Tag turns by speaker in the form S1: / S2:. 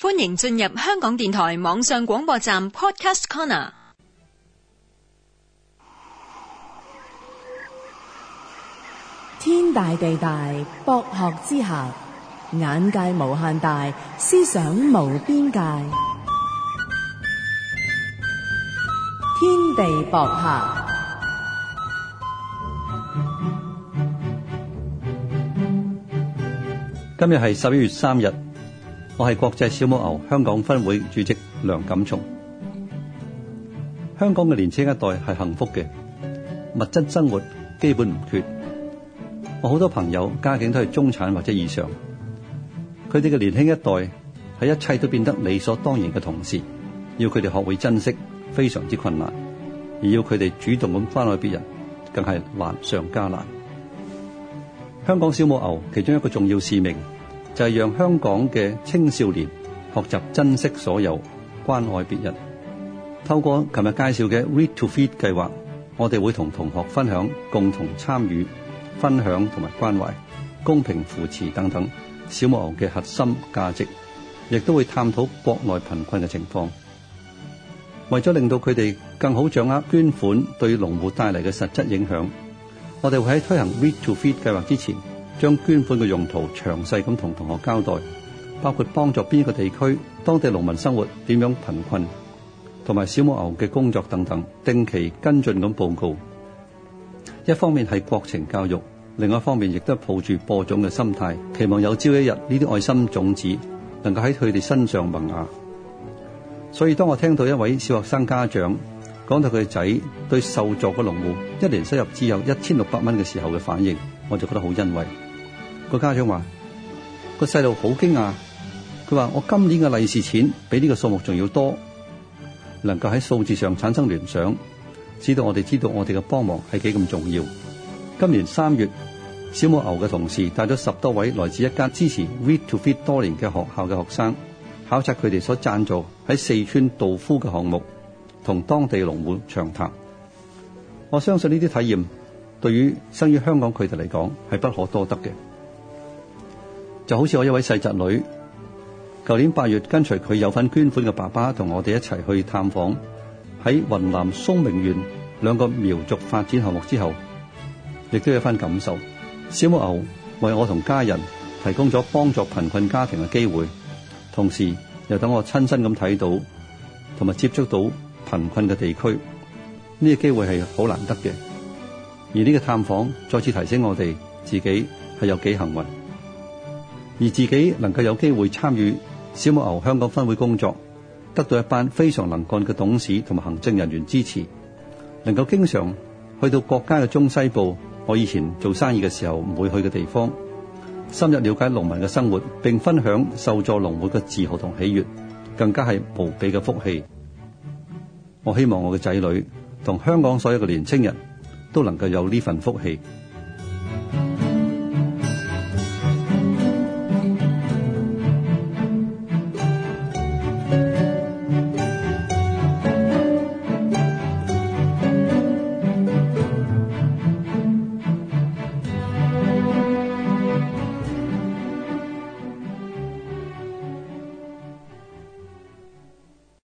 S1: 歡迎進入香港電台網上廣播站 Podcast Corner。天大地大，博學之下；眼界無限大，思想無邊界。天地博客。今日係十一月三日。我係國際小母牛香港分會主席梁錦松。香港嘅年輕一代係幸福嘅，物質生活基本唔缺。我好多朋友家境都係中產或者以上，佢哋嘅年輕一代喺一切都變得理所當然嘅同時，要佢哋學會珍惜非常之困難，而要佢哋主動咁關愛別人，更係難上加難。香港小母牛其中一個重要使命，就係讓香港嘅青少年學習珍惜所有、關愛別人。透過琴日介紹嘅 Read to Feed 計劃，我哋會同同學分享共同參與、分享同埋關懷、公平扶持等等小母牛嘅核心價值，亦都會探討國內貧困嘅情況。為咗令到佢哋更好掌握捐款對農戶帶嚟嘅實質影響，我哋會喺推行 Read to Feed 計劃之前。將捐款嘅用途詳細咁同同學交代，包括幫助邊一個地區、當地農民生活點樣貧困，同埋小母牛嘅工作等等，定期跟進咁報告。一方面係國情教育，另外一方面亦都抱住播種嘅心態，期望有朝一日呢啲愛心種子能夠喺佢哋身上萌芽。所以當我聽到一位小學生家長講到佢嘅仔對受助嘅農戶一年收入只有一千六百蚊嘅時候嘅反應，我就覺得好欣慰。個家長話：個細路好驚訝，佢話，我今年嘅利是錢比呢個數目仲要多。能夠喺數字上產生聯想，使到我哋知道我哋嘅幫忙係幾咁重要。今年三月，小母牛嘅同事帶咗十多位來自一間支持 Read to Feed 多年嘅學校嘅學生，考察佢哋所贊助喺四川道夫嘅項目，同當地農戶長談。我相信呢啲體驗，對於生於香港佢哋嚟講係不可多得嘅。就好似我一位細侄女，舊年八月跟隨佢有份捐款嘅爸爸同我哋一齊去探訪，喺雲南嵩明縣兩個苗族發展項目之後，亦都有一番感受。小母牛為我同家人提供咗幫助貧困家庭嘅機會，同時又等我親身咁睇到同埋接觸到貧困嘅地區，呢、這個機會係好難得嘅。而呢個探訪再次提醒我哋自己係有幾幸運。而自己能夠有機會參與小母牛香港分會工作，得到一班非常能幹嘅董事同埋行政人員支持，能夠經常去到國家嘅中西部，我以前做生意嘅時候唔會去嘅地方，深入了解農民嘅生活，並分享受助農會嘅自豪同喜悅，更加係無比嘅福氣。我希望我嘅仔女同香港所有嘅年青人都能夠有呢份福氣。